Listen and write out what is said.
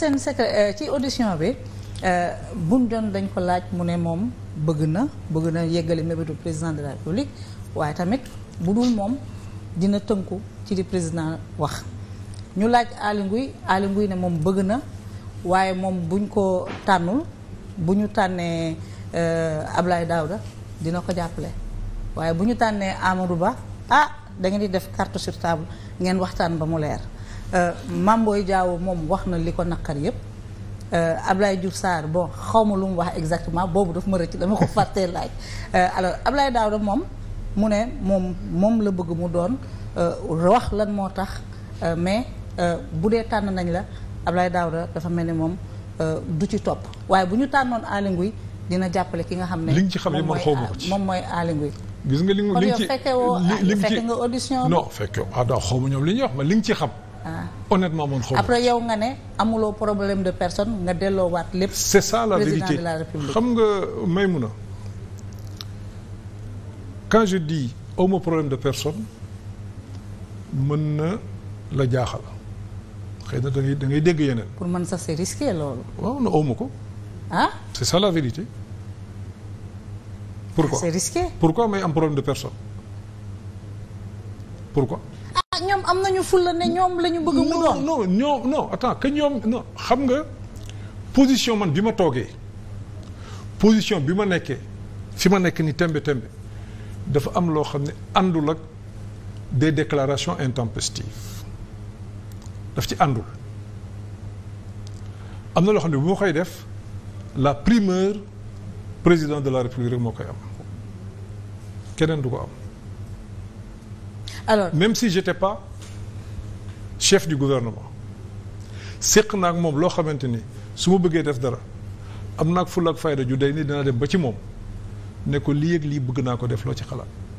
seen secret euh, ci audition bi euh, buñ doon dañ ko laaj mu ne moom bëgg na bëgg na yeggale mébétu président de la république waaye tamit bu dul moom dina tënku ci li président wax ñu laaj Aly Ngouille Aly Ngouille ne moom bëgg na waaye moom buñ ko tànnul bu ñu tànnee euh, Ablaye Daouda dina ko jàppale waaye bu ñu tànnee Amadou Ba ah da ngeen di def carte sur table ngeen waxtaan ba mu leer Euh, Mame Boye Diao moom wax na li ko naqar yëpp euh, Ablaye Diouf saar bon xaw ma lu mu wax exactement boobu dafa ma rëcc dama ko fàttee laaj euh, alors Ablaye Daouda moom mu ne moom moom la bëgg mu doon wax lan moo tax mais bu dee tànn nañ la Ablaye Daouda dafa mel ni moom du ci topp waaye bu ñu tànnoon Aly Ngouille dina jàppale ki nga xam ne. li nga ci xam ne man xaw ma ko ci moom mooy Aly Ngouille gis nga li nga li nga fekkee woo fekkee nga audition. non fekkee ah xaw ma ñoom li ñuy wax ma li nga ci xam. Ah. honnêtement man xaw après yow nga ne amuloo problème de personne nga delloowaat lépp. c'est ça la vérité président de la république xam nga Maïmouna quand je dis awma problème de personne mën na la jaaxal xëy na da ngay da ngay dégg yeneen. pour man sax c'est risqué loolu. waaw na awma ko. ah c'est ça la vérité. pourquoi pourquoi may am problème de personne pourquoi. ñoom am nañu fulla ne ñoom la ñu bëgg mu doon non non ñoom non attends que ñoom non xam nga position man bi ma toogee position bi ma nekkee fi ma nekk ni tembe tembe dafa am loo xam ne àndul ak des déclarations intempestives daf ci àndul am na loo xam ne bu ma koy def la primeur président de la république rek moo koy am keneen du ko am alors même si j'étais pas chef du gouvernement séq naag moom loo xamante ni su ma bëggee def dara am naag fulla ak fayda ju day ni dina dem ba ci moom ne ko lii ak lii bëgg naa ko def loo ci xalaat